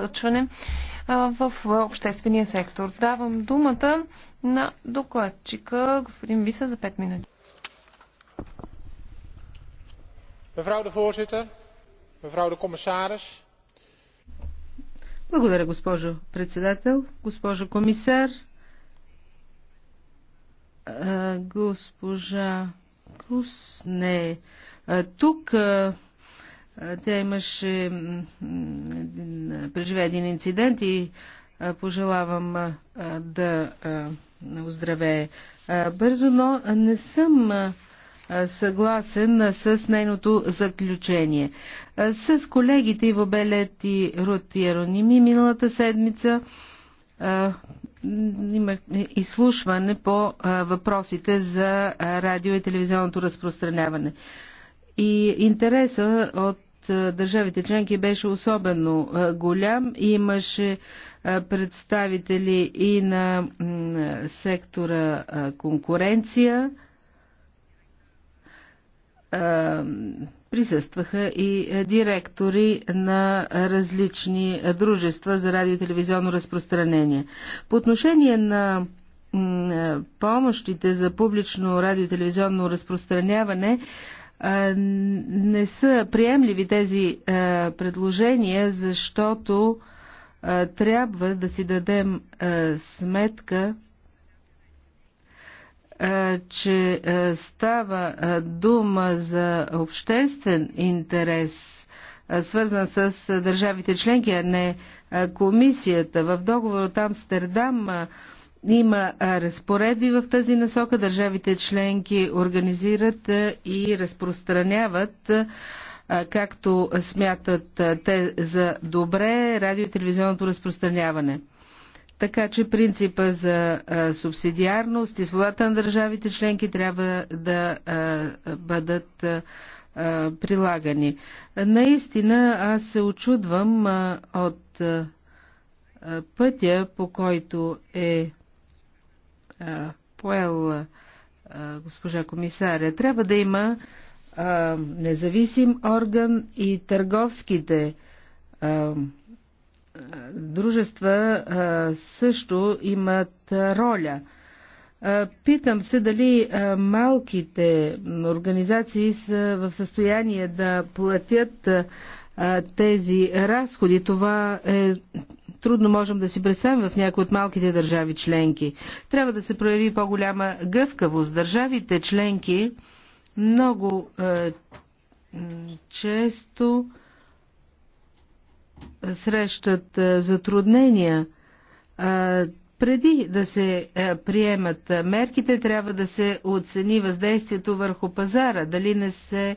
проучване в обществения сектор. Давам думата на докладчика господин Виса за 5 минути. Благодаря, госпожо председател, госпожо комисар, госпожа Крус не е тук. Тя имаше преживе един инцидент и пожелавам да оздравее бързо, но не съм съгласен с нейното заключение. С колегите Иво Белет и Рут Яроними миналата седмица има е, изслушване по въпросите за радио и телевизионното разпространяване. И интереса от държавите членки беше особено голям. Имаше представители и на сектора конкуренция. Присъстваха и директори на различни дружества за радио и телевизионно разпространение. По отношение на помощите за публично радио и телевизионно разпространяване, не са приемливи тези предложения, защото трябва да си дадем сметка, че става дума за обществен интерес, свързан с държавите членки, а не комисията. В договор от Амстердам има разпоредби в тази насока. Държавите членки организират и разпространяват както смятат те за добре радио и телевизионното разпространяване. Така че принципа за субсидиарност и свободата на държавите членки трябва да бъдат прилагани. Наистина аз се очудвам от пътя, по който е е, поел е, госпожа комисаря. Трябва да има е, независим орган и търговските дружества също имат роля. Питам се дали малките организации са в състояние да платят тези разходи. Това е трудно можем да си представим в някои от малките държави членки. Трябва да се прояви по-голяма гъвкавост. Държавите членки много е, често е, срещат е, затруднения. Е, преди да се е, приемат мерките, трябва да се оцени въздействието върху пазара, дали не се е,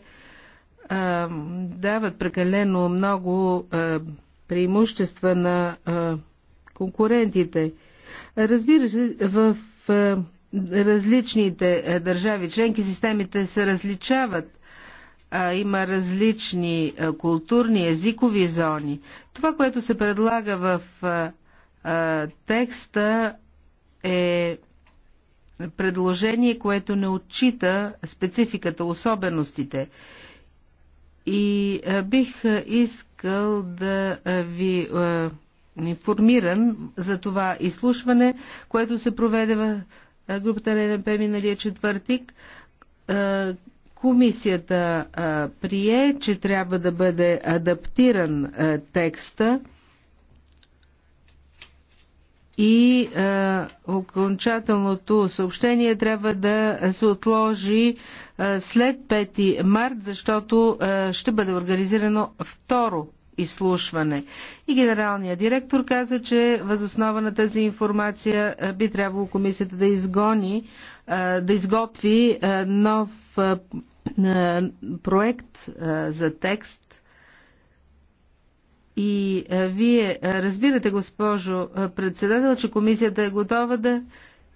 дават прекалено много преимущества на конкурентите. Разбира се, в различните държави членки системите се различават. Има различни културни, езикови зони. Това, което се предлага в текста е предложение, което не отчита спецификата, особеностите. И бих искал искал да ви информиран за това изслушване, което се проведе в групата на НП миналия четвъртик. Комисията прие, че трябва да бъде адаптиран текста и а, е, окончателното съобщение трябва да се отложи а, е, след 5 март, защото а, е, ще бъде организирано второ изслушване. И генералният директор каза, че възоснова на тази информация а, би трябвало комисията да изгони, а, да изготви а, нов а, проект а, за текст и е, вие е, разбирате, госпожо е, председател, че комисията е готова да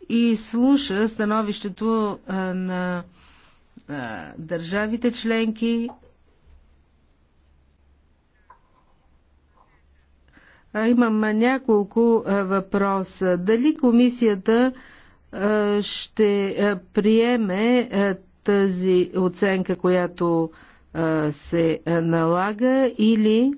и слуша становището на държавите членки Имам няколко въпроса. Дали комисията ще приеме тази оценка, която се налага или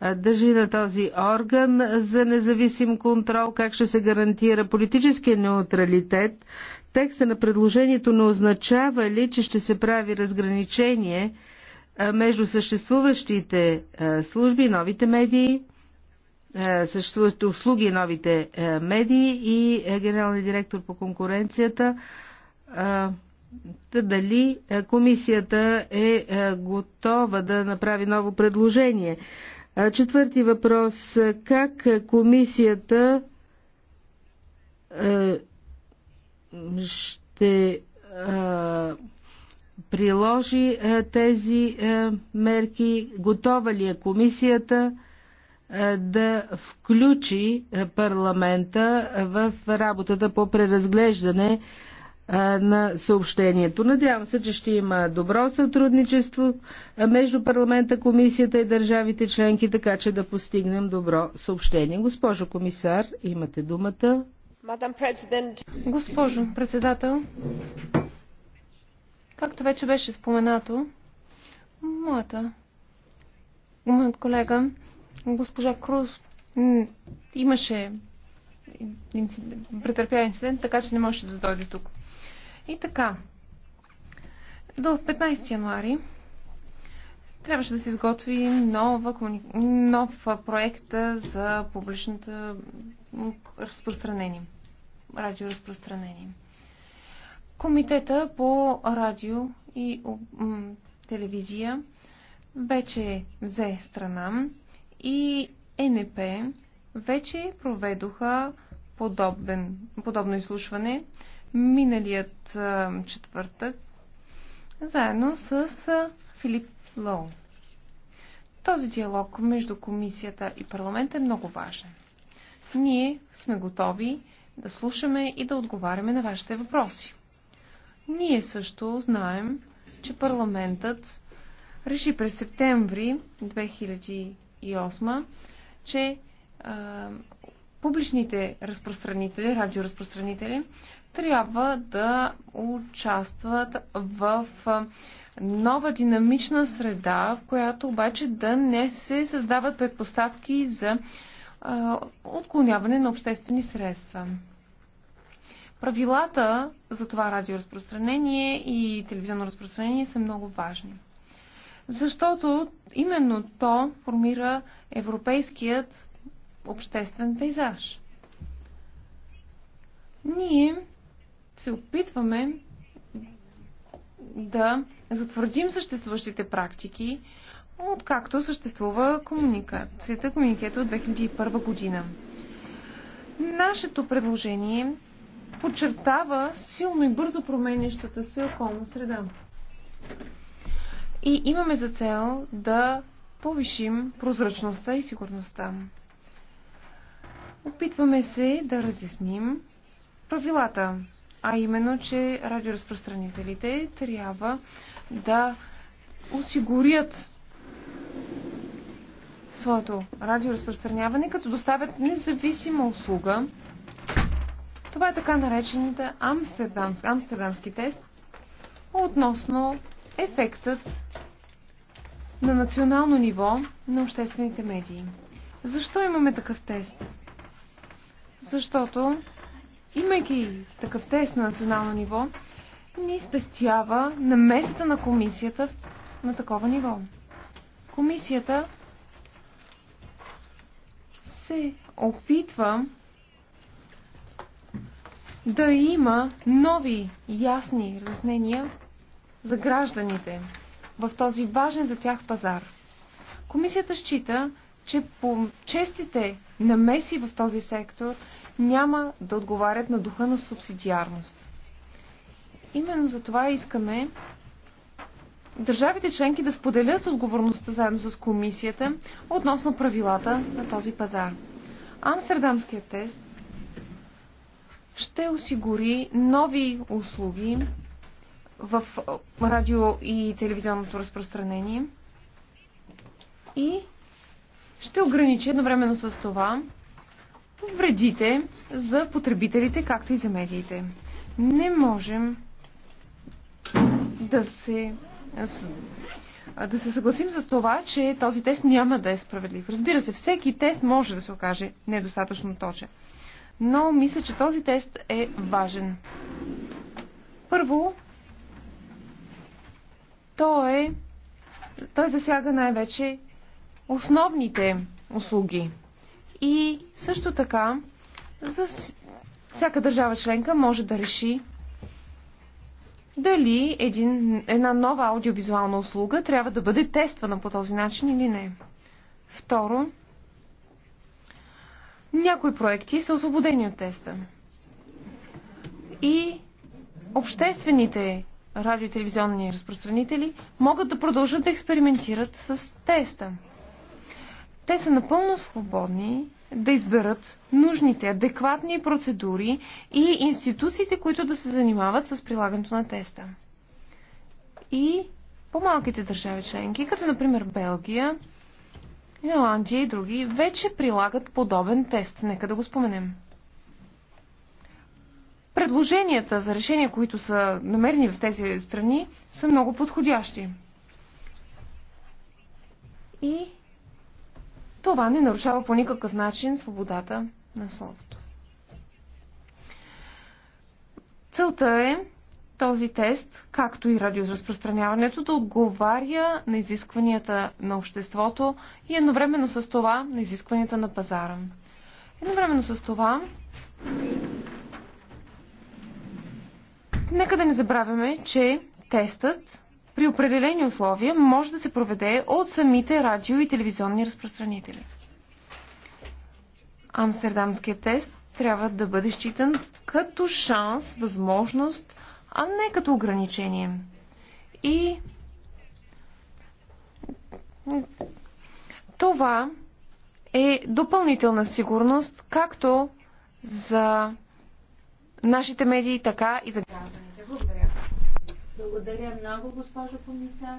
държи на този орган за независим контрол, как ще се гарантира политическия неутралитет. Текста на предложението не означава ли, че ще се прави разграничение между съществуващите служби, новите медии, съществуващите услуги и новите медии и генералния директор по конкуренцията. Та дали комисията е готова да направи ново предложение. Четвърти въпрос. Как комисията ще приложи тези мерки? Готова ли е комисията да включи парламента в работата по преразглеждане на съобщението. Надявам се, че ще има добро сътрудничество между парламента, комисията и държавите членки, така че да постигнем добро съобщение. Госпожо комисар, имате думата. Госпожо председател, както вече беше споменато, моята моят колега, госпожа Круз, имаше претърпя инцидент, така че не можеше да дойде тук. И така, до 15 януари трябваше да се изготви нова, нов проект за публичната разпространение, радиоразпространение. Комитета по радио и телевизия вече взе страна и НП вече проведоха подобен, подобно изслушване миналият четвъртък заедно с Филип Лоу. Този диалог между комисията и парламент е много важен. Ние сме готови да слушаме и да отговаряме на вашите въпроси. Ние също знаем, че парламентът реши през септември 2008, че а, публичните разпространители, радиоразпространители, трябва да участват в нова динамична среда, в която обаче да не се създават предпоставки за отклоняване на обществени средства. Правилата за това радиоразпространение и телевизионно разпространение са много важни. Защото именно то формира европейският обществен пейзаж. Ние се опитваме да затвърдим съществуващите практики, откакто съществува комуникацията, комуникета от 2001 година. Нашето предложение подчертава силно и бързо променящата се околна среда. И имаме за цел да повишим прозрачността и сигурността. Опитваме се да разясним правилата, а именно, че радиоразпространителите трябва да осигурят своето радиоразпространяване, като доставят независима услуга. Това е така наречените Амстердамс, амстердамски тест относно ефектът на национално ниво на обществените медии. Защо имаме такъв тест? Защото имайки такъв тест на национално ниво, ни спестява на места на комисията на такова ниво. Комисията се опитва да има нови ясни разяснения за гражданите в този важен за тях пазар. Комисията счита, че по честите намеси в този сектор – няма да отговарят на духа на субсидиарност. Именно за това искаме държавите членки да споделят отговорността заедно с комисията относно правилата на този пазар. Амстердамският тест ще осигури нови услуги в радио и телевизионното разпространение и ще ограничи едновременно с това вредите за потребителите, както и за медиите. Не можем да се, да се съгласим с това, че този тест няма да е справедлив. Разбира се, всеки тест може да се окаже недостатъчно точен. Но мисля, че този тест е важен. Първо, той, е, той засяга най-вече основните услуги. И също така, за всяка държава членка може да реши дали един, една нова аудиовизуална услуга трябва да бъде тествана по този начин или не. Второ, някои проекти са освободени от теста. И обществените радио и телевизионни разпространители могат да продължат да експериментират с теста. Те са напълно свободни да изберат нужните, адекватни процедури и институциите, които да се занимават с прилагането на теста. И по-малките държави членки, като например Белгия, Ирландия и други, вече прилагат подобен тест. Нека да го споменем. Предложенията за решения, които са намерени в тези страни, са много подходящи. И това не нарушава по никакъв начин свободата на словото. Целта е този тест, както и радиоразпространяването, да отговаря на изискванията на обществото и едновременно с това на изискванията на пазара. Едновременно с това, нека да не забравяме, че тестът при определени условия може да се проведе от самите радио и телевизионни разпространители. Амстердамският тест трябва да бъде считан като шанс, възможност, а не като ограничение. И това е допълнителна сигурност, както за нашите медии, така и за гражданите. Благодаря много, госпожо комисар.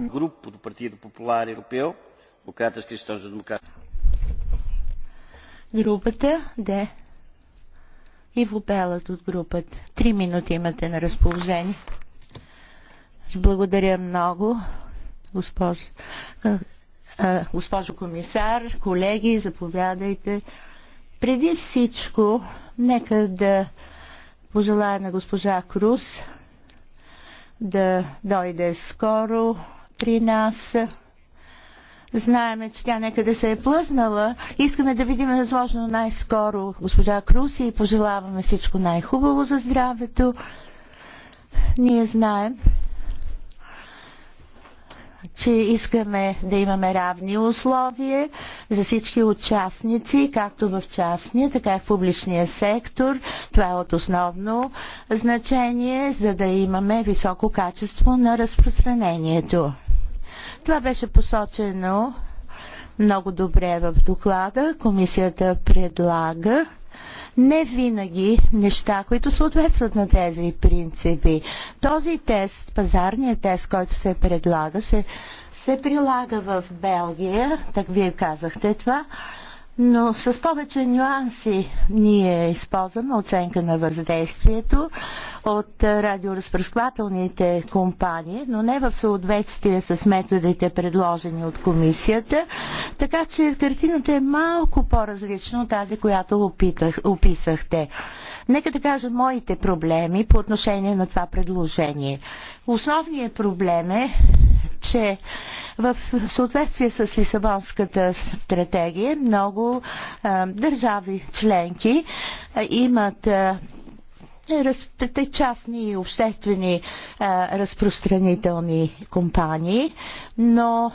Група до Partido Popular Europeu, Democratas Cristãos за демократ. Групата Д. Иво Белът от групата. Три минути имате на разположение. Благодаря много, госпожо, госпожо комисар, колеги, заповядайте. Преди всичко, нека да пожелая на госпожа Крус да дойде скоро при нас. Знаеме, че тя некъде се е плъзнала. Искаме да видим възможно най-скоро госпожа Крус, и пожелаваме всичко най-хубаво за здравето. Ние знаем, че искаме да имаме равни условия за всички участници, както в частния, така и в публичния сектор. Това е от основно значение, за да имаме високо качество на разпространението. Това беше посочено много добре в доклада. Комисията предлага не винаги неща, които съответстват на тези принципи. Този тест, пазарният тест, който се предлага, се, се прилага в Белгия, так вие казахте това, но с повече нюанси ние използваме оценка на въздействието от радиоразпръсквателните компании, но не в съответствие с методите предложени от комисията, така че картината е малко по-различна от тази, която опитах, описахте. Нека да кажа моите проблеми по отношение на това предложение. Основният проблем е, че в съответствие с Лисабонската стратегия много държави членки имат частни и обществени разпространителни компании, но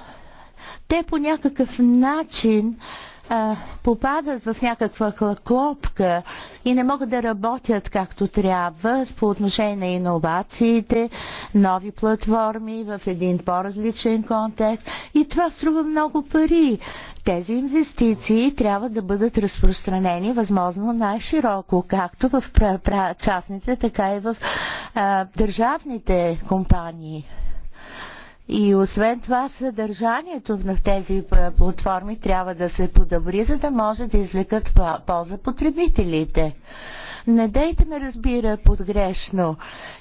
те по някакъв начин а, а, попадат в някаква клопка и не могат да работят както трябва по отношение на иновациите, нови платформи в един по-различен контекст и това струва много пари. Тези инвестиции трябва да бъдат разпространени възможно най-широко, както в частните, така и в а, държавните компании. И освен това, съдържанието на тези платформи трябва да се подобри, за да може да извлекат полза потребителите. Не дайте ме разбира подгрешно.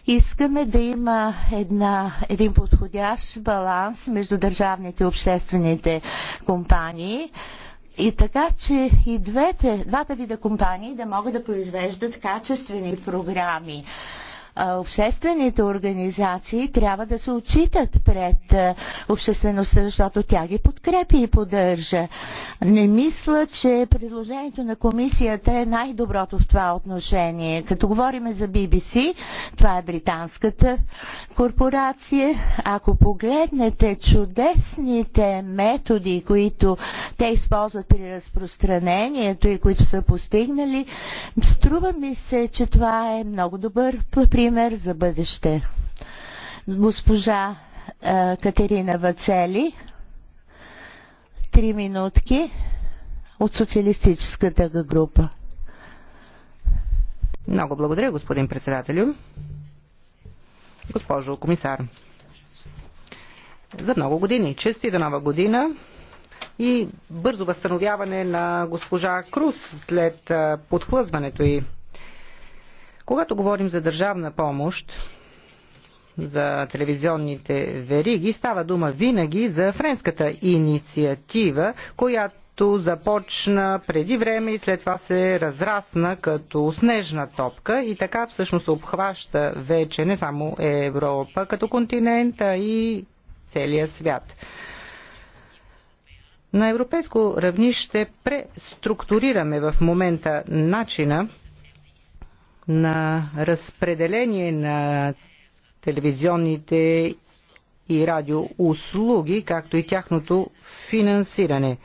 Искаме да има една, един подходящ баланс между държавните и обществените компании. И така, че и двете, двата вида компании да могат да произвеждат качествени програми обществените организации трябва да се отчитат пред обществеността, защото тя ги подкрепи и поддържа. Не мисля, че предложението на комисията е най-доброто в това отношение. Като говорим за BBC, това е британската корпорация, ако погледнете чудесните методи, които те използват при разпространението и които са постигнали, струва ми се, че това е много добър пример пример за бъдеще. Госпожа Катерина Вацели, три минутки от социалистическата група. Много благодаря, господин председателю. Госпожо комисар, за много години. Честита нова година и бързо възстановяване на госпожа Круз след подхлъзването й. Когато говорим за държавна помощ, за телевизионните вериги, става дума винаги за френската инициатива, която започна преди време и след това се разрасна като снежна топка и така всъщност обхваща вече не само Европа като континент, а и целия свят. На европейско равнище преструктурираме в момента начина, на разпределение на телевизионните и радиоуслуги, както и тяхното финансиране.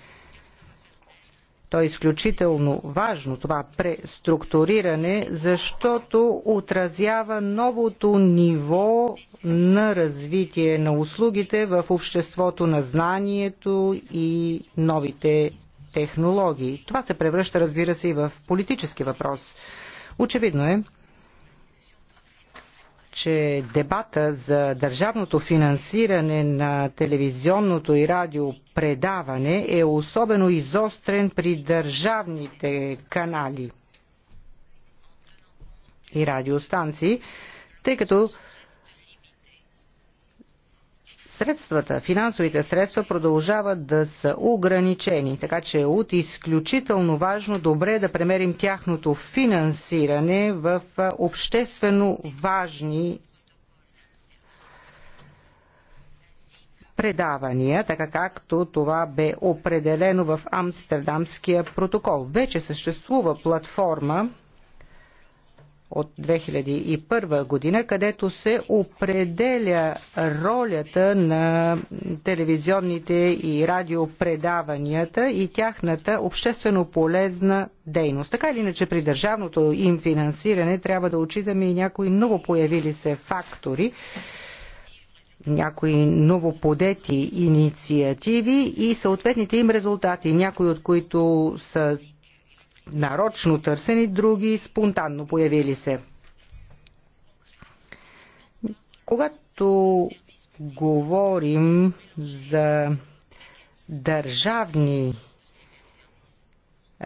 То е изключително важно, това преструктуриране, защото отразява новото ниво на развитие на услугите в обществото на знанието и новите технологии. Това се превръща, разбира се, и в политически въпрос. Очевидно е, че дебата за държавното финансиране на телевизионното и радио предаване е особено изострен при държавните канали и радиостанции, тъй като средствата, финансовите средства продължават да са ограничени, така че е от изключително важно добре да премерим тяхното финансиране в обществено важни предавания, така както това бе определено в Амстердамския протокол. Вече съществува платформа от 2001 година, където се определя ролята на телевизионните и радиопредаванията и тяхната обществено полезна дейност. Така или иначе при държавното им финансиране трябва да очитаме и някои много появили се фактори, някои новоподети инициативи и съответните им резултати, някои от които са нарочно търсени, други спонтанно появили се. Когато говорим за държавни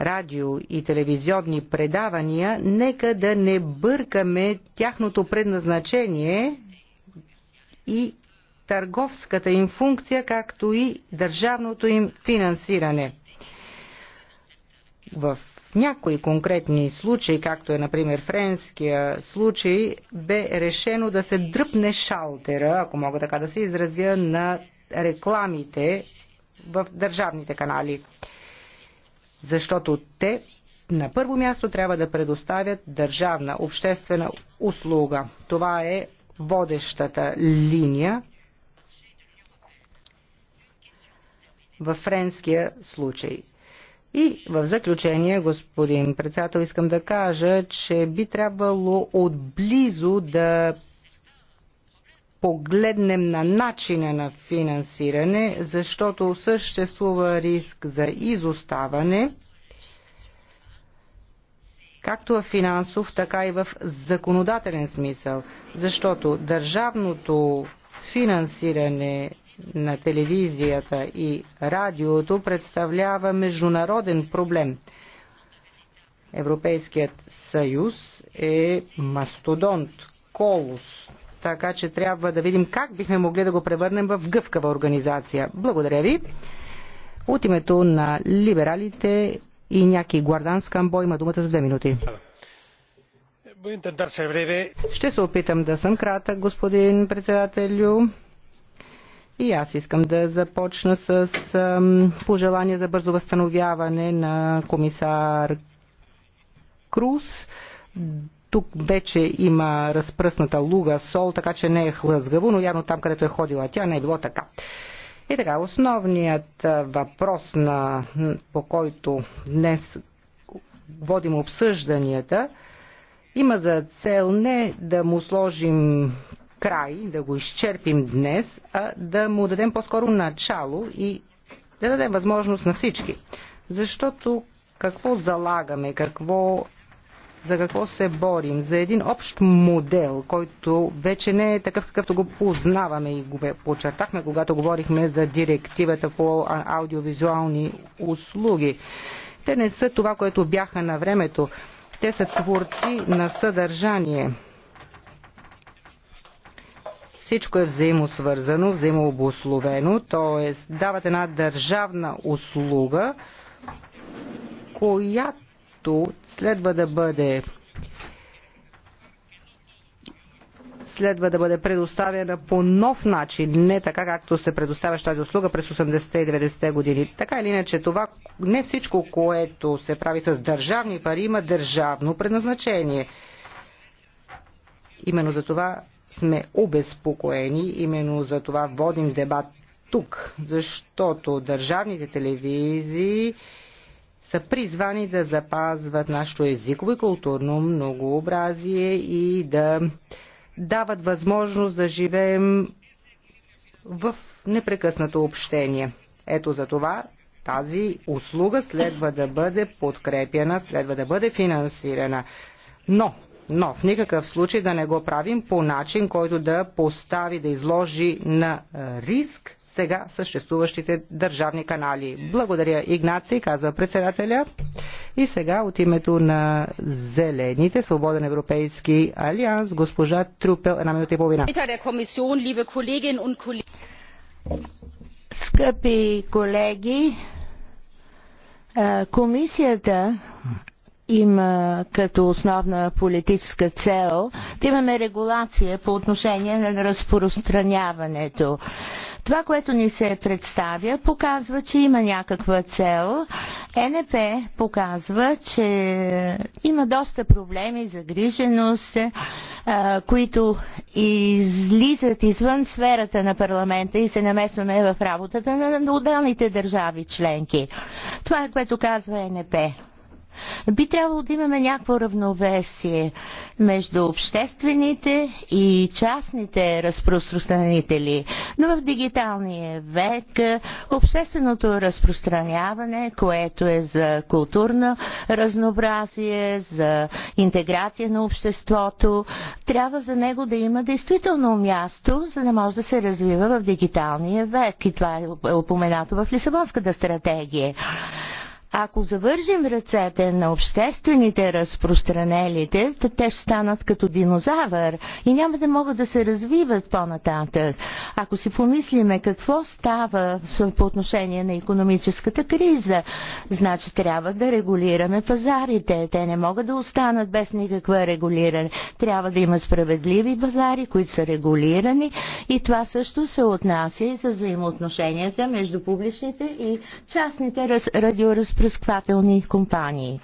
радио и телевизионни предавания, нека да не бъркаме тяхното предназначение и търговската им функция, както и държавното им финансиране. В някои конкретни случаи, както е например френския случай, бе решено да се дръпне шалтера, ако мога така да се изразя, на рекламите в държавните канали. Защото те на първо място трябва да предоставят държавна обществена услуга. Това е водещата линия във френския случай. И в заключение, господин председател, искам да кажа, че би трябвало отблизо да погледнем на начина на финансиране, защото съществува риск за изоставане, както в финансов, така и в законодателен смисъл, защото държавното финансиране на телевизията и радиото представлява международен проблем. Европейският съюз е мастодонт, колос, така че трябва да видим как бихме могли да го превърнем в гъвкава организация. Благодаря ви. От името на либералите и някакви Гуардан Скамбо има думата за две минути. Ще се опитам да съм кратък, господин председателю. И аз искам да започна с пожелание за бързо възстановяване на комисар Круз. Тук вече има разпръсната луга, сол, така че не е хлъзгаво, но явно там, където е ходила тя, не е било така. И така, основният въпрос, на, по който днес водим обсъжданията, има за цел не да му сложим край, да го изчерпим днес, а да му дадем по-скоро начало и да дадем възможност на всички. Защото какво залагаме, какво за какво се борим, за един общ модел, който вече не е такъв какъвто го познаваме и го почертахме, когато говорихме за директивата по аудиовизуални услуги. Те не са това, което бяха на времето. Те са творци на съдържание. Всичко е взаимосвързано, взаимообословено, т.е. дават една държавна услуга, която следва да бъде следва да бъде предоставена по нов начин, не така както се предоставяше тази услуга през 80-те и 90-те години. Така или иначе, това не всичко, което се прави с държавни пари, има държавно предназначение. Именно за това сме обезпокоени, именно за това водим дебат тук, защото държавните телевизии са призвани да запазват нашето езиково и културно многообразие и да дават възможност да живеем в непрекъснато общение. Ето за това тази услуга следва да бъде подкрепена, следва да бъде финансирана. Но но в никакъв случай да не го правим по начин, който да постави, да изложи на е, риск сега съществуващите държавни канали. Благодаря Игнаци, казва председателя. И сега от името на Зелените, Свободен Европейски алианс, госпожа Трупел, една минута и половина. Скъпи колеги, е, комисията има като основна политическа цел да имаме регулация по отношение на разпространяването. Това, което ни се представя, показва, че има някаква цел. Е НП показва, че има доста проблеми, загриженост, които излизат извън сферата на парламента и се намесваме в работата на отделните държави членки. Това е което казва е НП. Би трябвало да имаме някакво равновесие между обществените и частните разпространители. Но в дигиталния век общественото разпространяване, което е за културно разнообразие, за интеграция на обществото, трябва за него да има действително място, за да може да се развива в дигиталния век. И това е упоменато в Лисабонската стратегия. Ако завържим ръцете на обществените разпространелите, то те ще станат като динозавър и няма да могат да се развиват по-нататък. Ако си помислиме какво става по отношение на економическата криза, значи трябва да регулираме пазарите. Те не могат да останат без никаква регулиране. Трябва да има справедливи пазари, които са регулирани и това също се отнася и за взаимоотношенията между публичните и частните радиоразпространения презквателни компании.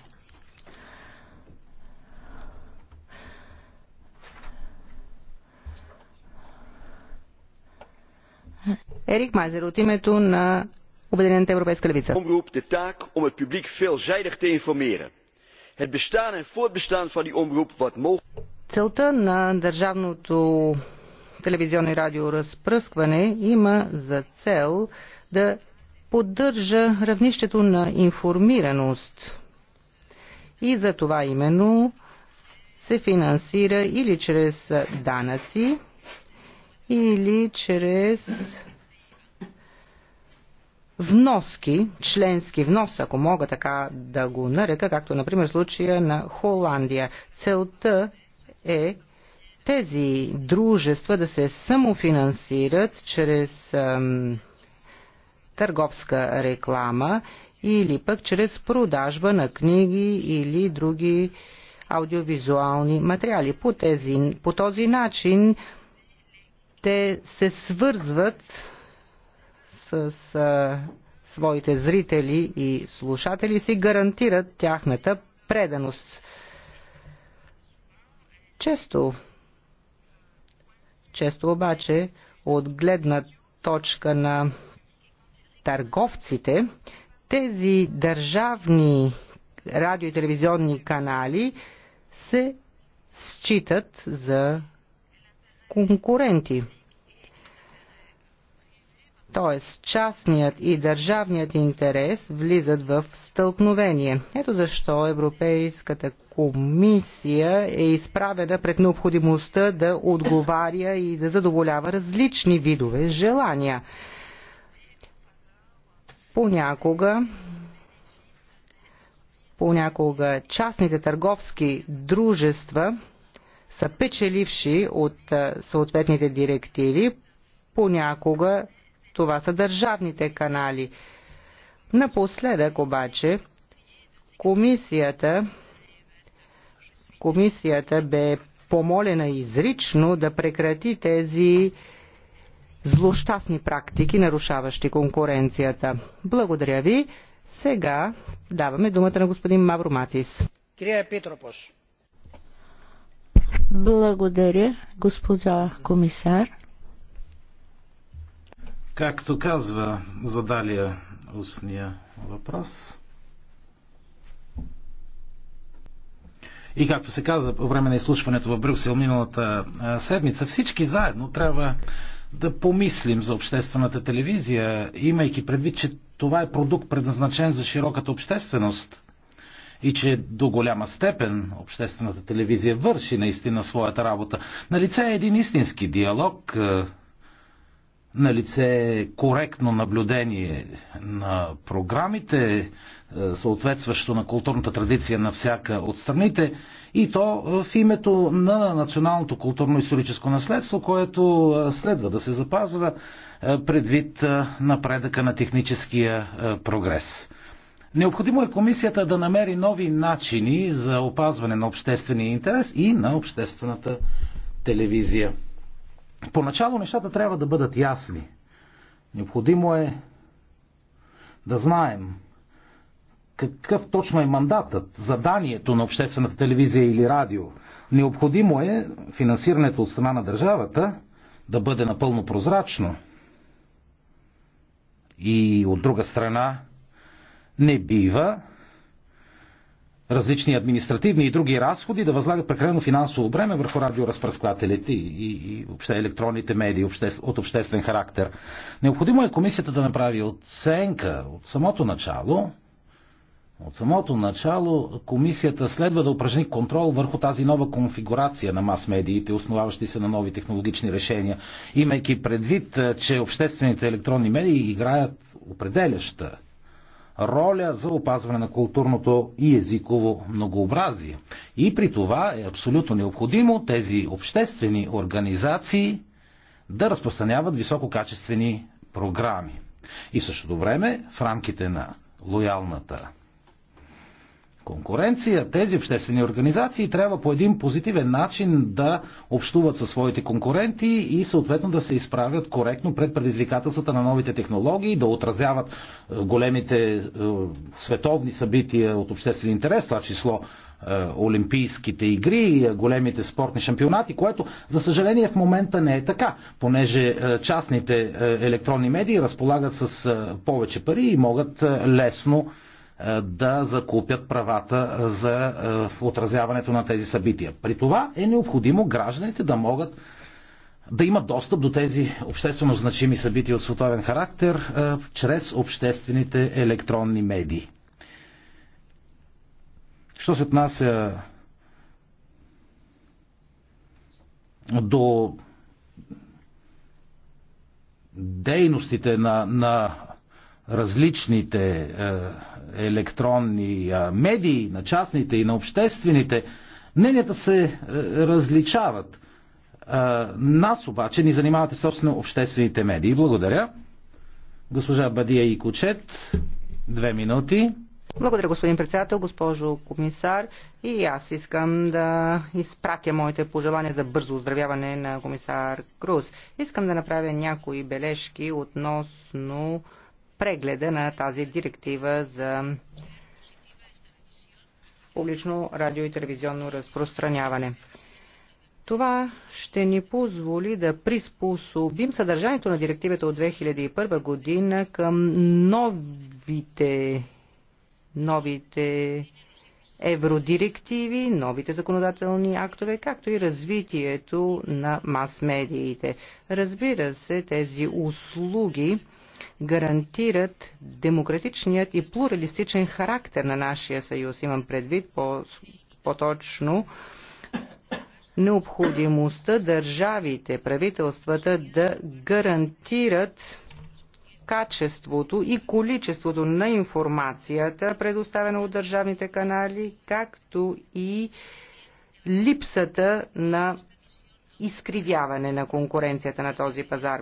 Ерик Майзер от името на Обединената европейска левица. Omroep de taak om het publiek veelzijdig te informeren. Het bestaan en voortbestaan van die omroep wordt mogelijk. Целта на държавното телевизионно и радио разпръскване има за цел да поддържа равнището на информираност. И за това именно се финансира или чрез данъци, или чрез вноски, членски внос, ако мога така да го нарека, както например случая на Холандия. Целта е тези дружества да се самофинансират чрез ам, търговска реклама или пък чрез продажба на книги или други аудиовизуални материали. По, тези, по този начин те се свързват с а, своите зрители и слушатели си гарантират тяхната преданост. Често, често обаче, от гледна точка на търговците, тези държавни радио и телевизионни канали се считат за конкуренти. Тоест, частният и държавният интерес влизат в стълкновение. Ето защо Европейската комисия е изправена пред необходимостта да отговаря и да задоволява различни видове желания понякога понякога частните търговски дружества са печеливши от съответните директиви, понякога това са държавните канали. Напоследък обаче комисията, комисията бе помолена изрично да прекрати тези злощастни практики, нарушаващи конкуренцията. Благодаря ви. Сега даваме думата на господин Мавро Матис. Крия Питропош. Благодаря, господа комисар. Както казва задалия устния въпрос, И както се каза по време на изслушването в Брюксел миналата седмица, всички заедно трябва да помислим за обществената телевизия, имайки предвид, че това е продукт предназначен за широката общественост и че до голяма степен обществената телевизия върши наистина своята работа. На лице е един истински диалог е, на лице коректно наблюдение на програмите, е, съответстващо на културната традиция на всяка от страните и то е, в името на националното културно-историческо наследство, което е, следва да се запазва предвид напредъка на техническия прогрес. Необходимо е комисията да намери нови начини за опазване на обществения интерес и на обществената телевизия. Поначало нещата трябва да бъдат ясни. Необходимо е да знаем какъв точно е мандатът, заданието на обществената телевизия или радио. Необходимо е финансирането от страна на държавата да бъде напълно прозрачно. И от друга страна не бива различни административни и други разходи, да възлагат прекалено финансово време върху радиоразпръсквателите и, и, и въобще електронните медии обще, от обществен характер. Необходимо е комисията да направи оценка от самото начало. От самото начало комисията следва да упражни контрол върху тази нова конфигурация на мас-медиите, основаващи се на нови технологични решения, имайки предвид, че обществените електронни медии играят определяща роля за опазване на културното и езиково многообразие. И при това е абсолютно необходимо тези обществени организации да разпространяват висококачествени програми. И в същото време, в рамките на лоялната конкуренция, тези обществени организации трябва по един позитивен начин да общуват със своите конкуренти и съответно да се изправят коректно пред предизвикателствата на новите технологии, да отразяват е, големите е, световни събития от обществен интерес, това число е, Олимпийските игри, големите спортни шампионати, което за съжаление в момента не е така, понеже частните електронни медии разполагат с повече пари и могат лесно е, да закупят правата за е, отразяването на тези събития. При това е необходимо гражданите да могат да имат достъп до тези обществено значими събития от световен характер е, чрез обществените електронни медии. Що се отнася до дейностите на, на различните е, електронни е, медии, на частните и на обществените, мненията се е, различават. Нас обаче ни занимавате собствено обществените медии. Благодаря. Госпожа Бадия и Кучет, две минути. Благодаря, господин председател, госпожо комисар. И аз искам да изпратя моите пожелания за бързо оздравяване на комисар Круз. Искам да направя някои бележки относно прегледа на тази директива за публично радио и телевизионно разпространяване. Това ще ни позволи да приспособим съдържанието на директивата от 2001 година към новите, новите евродирективи, новите законодателни актове, както и развитието на мас-медиите. Разбира се, тези услуги гарантират демократичният и плуралистичен характер на нашия съюз. Имам предвид по, по-точно необходимостта държавите, правителствата да гарантират качеството и количеството на информацията, предоставена от държавните канали, както и липсата на изкривяване на конкуренцията на този пазар.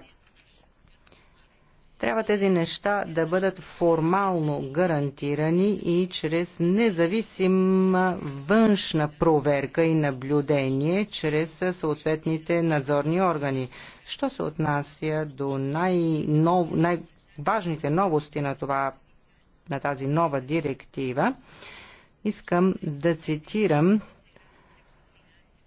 Трябва тези неща да бъдат формално гарантирани и чрез независима външна проверка и наблюдение чрез съответните надзорни органи. Що се отнася до най важните най-важните новости на, това, на тази нова директива, искам да цитирам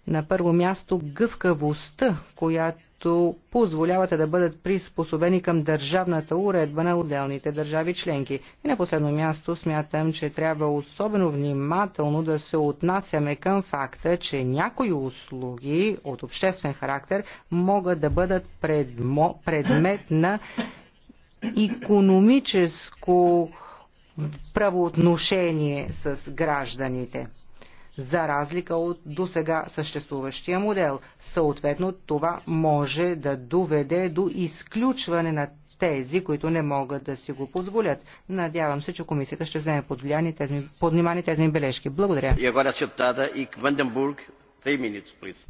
на първо място гъвкавостта, която които позволяват да бъдат приспособени към държавната уредба на отделните държави членки. И на последно място смятам, че трябва особено внимателно да се отнасяме към факта, че някои услуги от обществен характер могат да бъдат предмо, предмет на економическо правоотношение с гражданите за разлика от досега съществуващия модел. Съответно, това може да доведе до изключване на тези, които не могат да си го позволят. Надявам се, че комисията ще вземе под, влияние тези, под внимание тези ми бележки. Благодаря.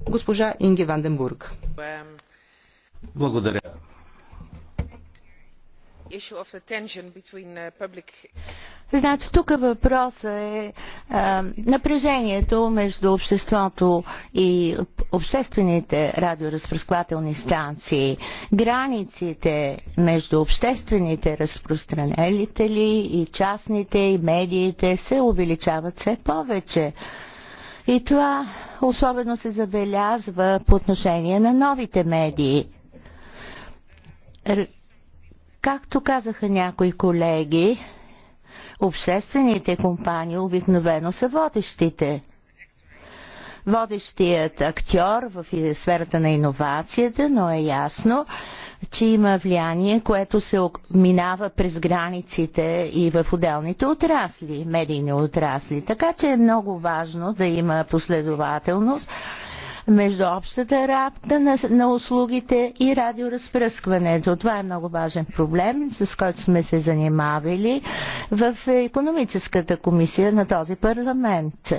Госпожа Инги Ванденбург. Благодаря. Uh, значи, тук въпросът е, е напрежението между обществото и обществените радиоразпръсквателни станции, границите между обществените разпространители и частните и медиите се увеличават все повече. И това особено се забелязва по отношение на новите медии Както казаха някои колеги, обществените компании обикновено са водещите. Водещият актьор в сферата на иновацията, но е ясно, че има влияние, което се минава през границите и в отделните отрасли, медийни отрасли. Така че е много важно да има последователност между общата рапта на, на услугите и радиоразпръскването. Това е много важен проблем, с който сме се занимавали в економическата комисия на този парламент.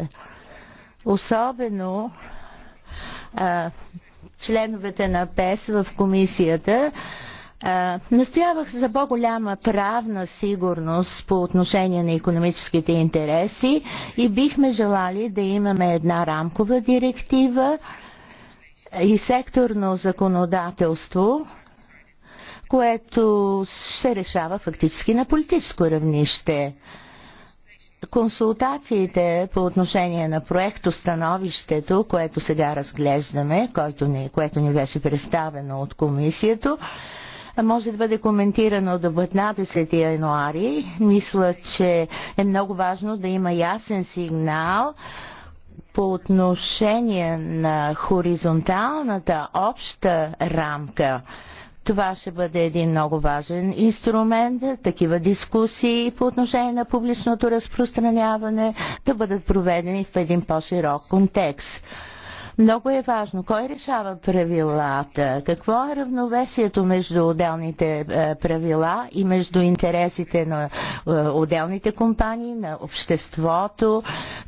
Особено а, членовете на ПЕС в комисията е, настоявах за по-голяма правна сигурност по отношение на економическите интереси и бихме желали да имаме една рамкова директива и секторно законодателство, което се решава фактически на политическо равнище. Консултациите по отношение на становището, което сега разглеждаме, което ни, което ни беше представено от комисията, може да бъде коментирано до 15 януари. Мисля, че е много важно да има ясен сигнал по отношение на хоризонталната обща рамка. Това ще бъде един много важен инструмент, такива дискусии по отношение на публичното разпространяване да бъдат проведени в един по-широк контекст. Много е важно кой решава правилата, какво е равновесието между отделните е, правила и между интересите на е, отделните компании, на обществото.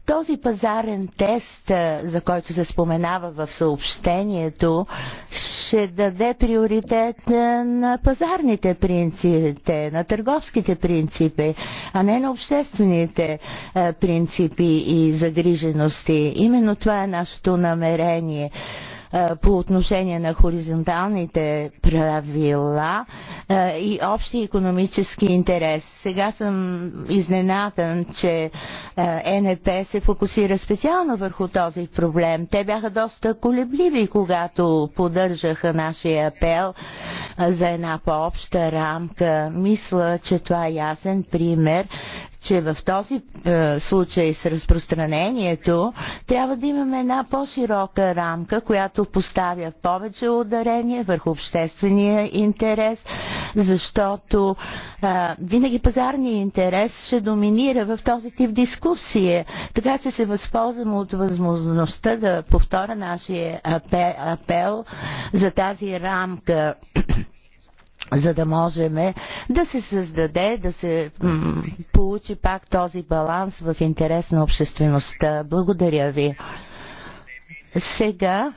Този пазарен тест, е, за който се споменава в съобщението, ще даде приоритет на пазарните принципи, на търговските принципи, а не на обществените принципи и загрижености. Именно това е нашето намерение измерение е, по отношение на хоризонталните правила е, и общи економически интерес. Сега съм изненадан, че е, НП се фокусира специално върху този проблем. Те бяха доста колебливи, когато поддържаха нашия апел за една по-обща рамка. Мисля, че това е ясен пример, че в този е, случай с разпространението трябва да имаме една по-широка рамка, която поставя повече ударение върху обществения интерес, защото е, винаги пазарния интерес ще доминира в този тип дискусия. Така че се възползвам от възможността да повторя нашия апел, апел за тази рамка за да можем да се създаде, да се получи пак този баланс в интерес на обществеността. Благодаря ви. Сега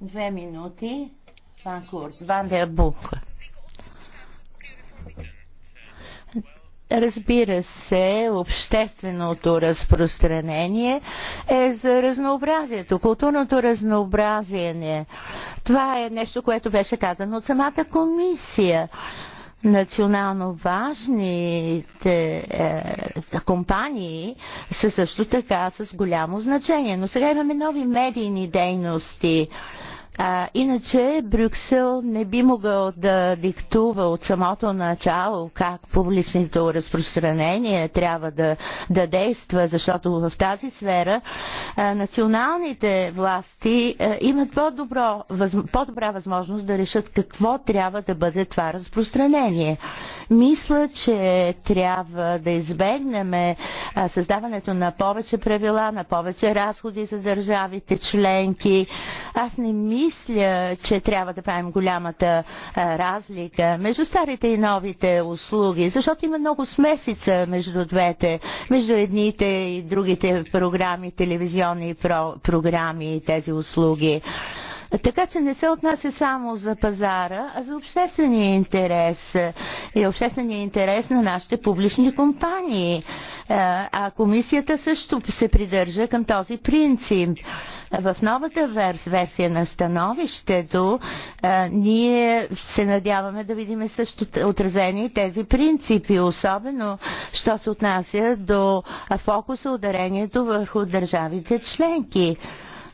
две минути. Ван Дербук. Разбира се, общественото разпространение е за разнообразието, културното разнообразие. Не. Това е нещо, което беше казано от самата комисия национално важните е, компании са също така с голямо значение. Но сега имаме нови медийни дейности. Е, а, иначе Брюксел не би могъл да диктува от самото начало как публичното разпространение трябва да, да действа, защото в тази сфера а, националните власти а, имат по-добро, възм, по-добра възможност да решат какво трябва да бъде това разпространение. Мисля, че трябва да избегнем създаването на повече правила, на повече разходи за държавите членки. Аз не мисля, че трябва да правим голямата разлика между старите и новите услуги, защото има много смесица между двете, между едните и другите програми, телевизионни програми и тези услуги. Така че не се отнася само за пазара, а за обществения интерес и обществения интерес на нашите публични компании. Е, а комисията също се придържа към този принцип. В новата верс, версия на становището е, ние се надяваме да видим също отразени тези принципи, особено що се отнася до фокуса ударението върху държавите членки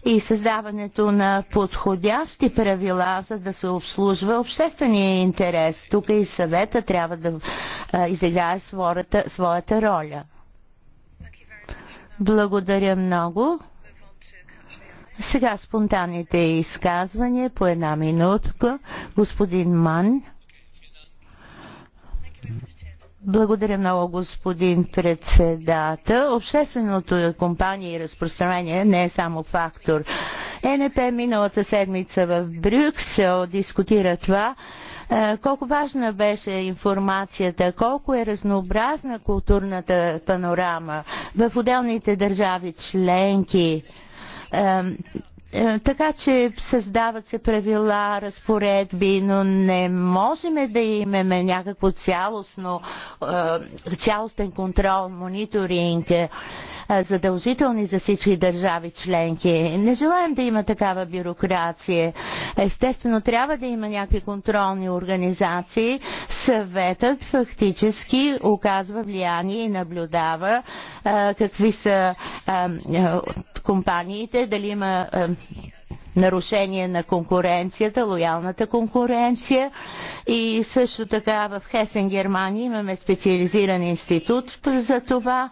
и създаването на подходящи правила, за да се обслужва обществения интерес. Тук и съвета трябва да изиграе своята, своята роля. Благодаря много. Сега спонтанните изказвания по една минутка. Господин Ман. Благодаря много, господин председател. Общественото компания и разпространение не е само фактор. ЕНП миналата седмица в Брюксел дискутира това, е, колко важна беше информацията, колко е разнообразна културната панорама в отделните държави членки е, така че създават се правила, разпоредби, но не можем да имаме някакво цялостно, е, цялостен контрол, мониторинг. Е, задължителни за всички държави членки. Не желаем да има такава бюрокрация. Естествено, трябва да има някакви контролни организации. Съветът фактически оказва влияние и наблюдава е, какви са е, компаниите, дали има нарушение на конкуренцията, лоялната конкуренция. И също така в Хесен, Германия имаме специализиран институт за това.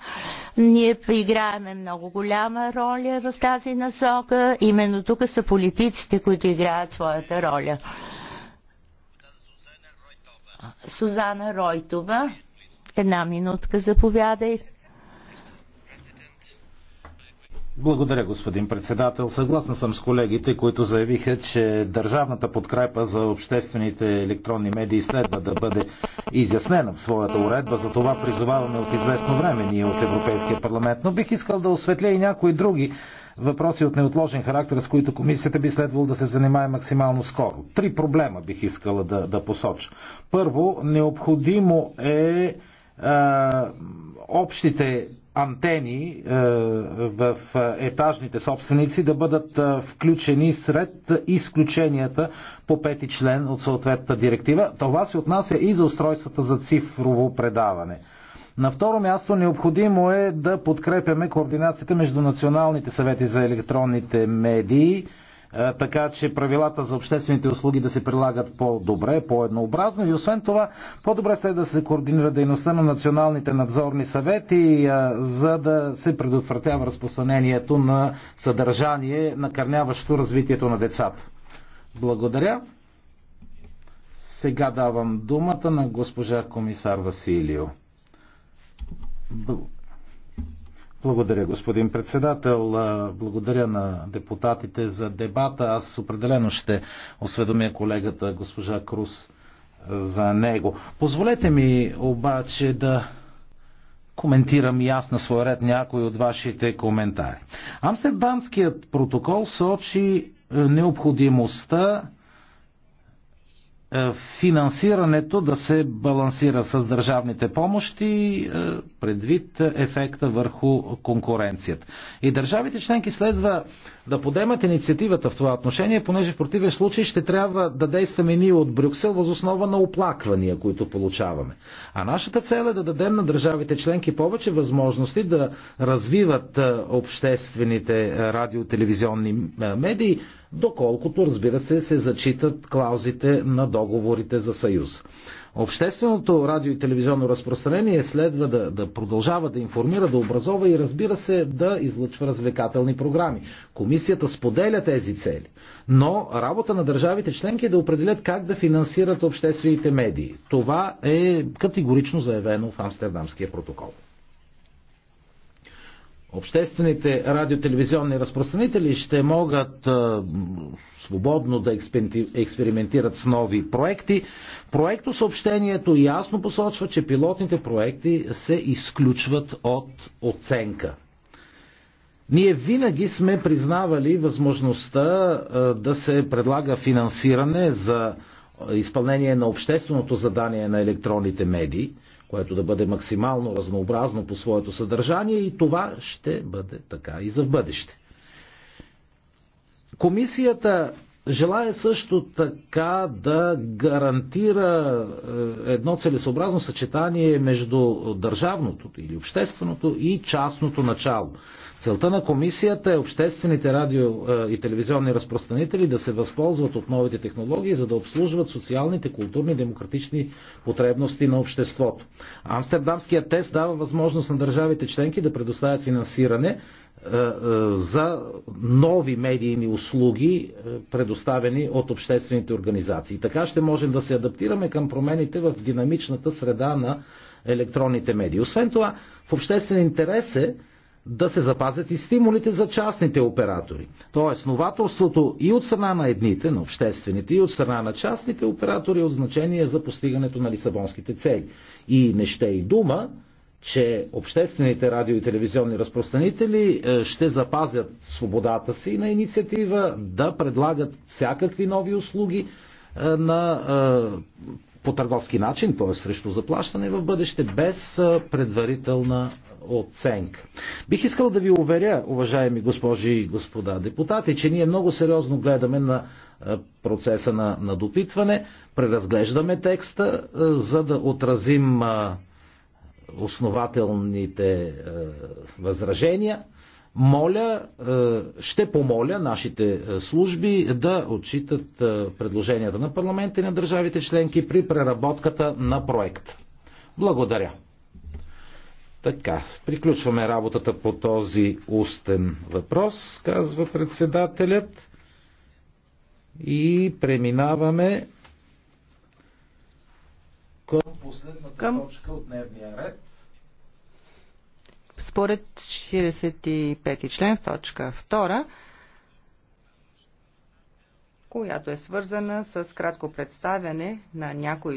Ние играеме много голяма роля в тази насока. Именно тук са политиците, които играят своята роля. Сузана Ройтова. Една минутка, заповядайте. Благодаря, господин председател. Съгласна съм с колегите, които заявиха, че държавната подкрепа за обществените електронни медии следва да бъде изяснена в своята уредба. За това призоваваме от известно време ние от Европейския парламент. Но бих искал да осветля и някои други въпроси от неотложен характер, с които комисията би следвало да се занимае максимално скоро. Три проблема бих искала да, да посоча. Първо, необходимо е общите антени е, в етажните собственици да бъдат е, включени сред изключенията по пети член от съответната директива. Това се отнася и за устройствата за цифрово предаване. На второ място необходимо е да подкрепяме координацията между националните съвети за електронните медии, е, така че правилата за обществените услуги да се прилагат по-добре, по-еднообразно и освен това по-добре след да се координира дейността на националните надзорни съвети, е, за да се предотвратява разпространението на съдържание, накърняващо развитието на децата. Благодаря. Сега давам думата на госпожа комисар Василио. Благодаря, господин председател. Благодаря на депутатите за дебата. Аз определено ще осведомя колегата госпожа Крус за него. Позволете ми обаче да коментирам и аз на своя ред някои от вашите коментари. Амстердамският протокол сочи необходимостта е, финансирането да се балансира с държавните помощи е, предвид ефекта върху конкуренцията. И държавите членки следва да подемат инициативата в това отношение, понеже в противен случай ще трябва да действаме ние от Брюксел възоснова на оплаквания, които получаваме. А нашата цел е да дадем на държавите членки повече възможности да развиват е, обществените е, радиотелевизионни е, медии, доколкото, разбира се, се зачитат клаузите на договорите за съюз. Общественото радио и телевизионно разпространение следва да, да продължава да информира, да образова и разбира се да излъчва развлекателни програми. Комисията споделя тези цели, но работа на държавите членки е да определят как да финансират обществените медии. Това е категорично заявено в Амстердамския протокол обществените радиотелевизионни разпространители ще могат свободно да експериментират с нови проекти. Проекто съобщението ясно посочва, че пилотните проекти се изключват от оценка. Ние винаги сме признавали възможността да се предлага финансиране за изпълнение на общественото задание на електронните медии – което да бъде максимално разнообразно по своето съдържание и това ще бъде така и за в бъдеще. Комисията желая също така да гарантира е, едно целесообразно съчетание между държавното или общественото и частното начало. Целта на комисията е обществените радио е, и телевизионни разпространители да се възползват от новите технологии, за да обслужват социалните, културни, демократични потребности на обществото. Амстердамският тест дава възможност на държавите членки да предоставят финансиране е, е, за нови медийни услуги, предоставени от обществените организации. Така ще можем да се адаптираме към промените в динамичната среда на електронните медии. Освен това, в обществен интерес е да се запазят и стимулите за частните оператори. Тоест, новаторството и от страна на едните, на обществените, и от страна на частните оператори е от значение за постигането на лисабонските цели. И не ще и дума, че обществените радио и телевизионни разпространители е, ще запазят свободата си на инициатива да предлагат всякакви нови услуги е, на, е, по търговски начин, т.е. срещу заплащане в бъдеще, без предварителна оценка. Бих искал да ви уверя, уважаеми госпожи и господа депутати, че ние много сериозно гледаме на процеса на, на допитване, преразглеждаме текста, за да отразим основателните възражения. Моля, ще помоля нашите служби да отчитат предложенията на парламента и на държавите членки при преработката на проект. Благодаря. Така, приключваме работата по този устен въпрос, казва председателят. И преминаваме към последната към... точка от дневния ред. Според 45 член в точка 2, която е свързана с кратко представяне на някои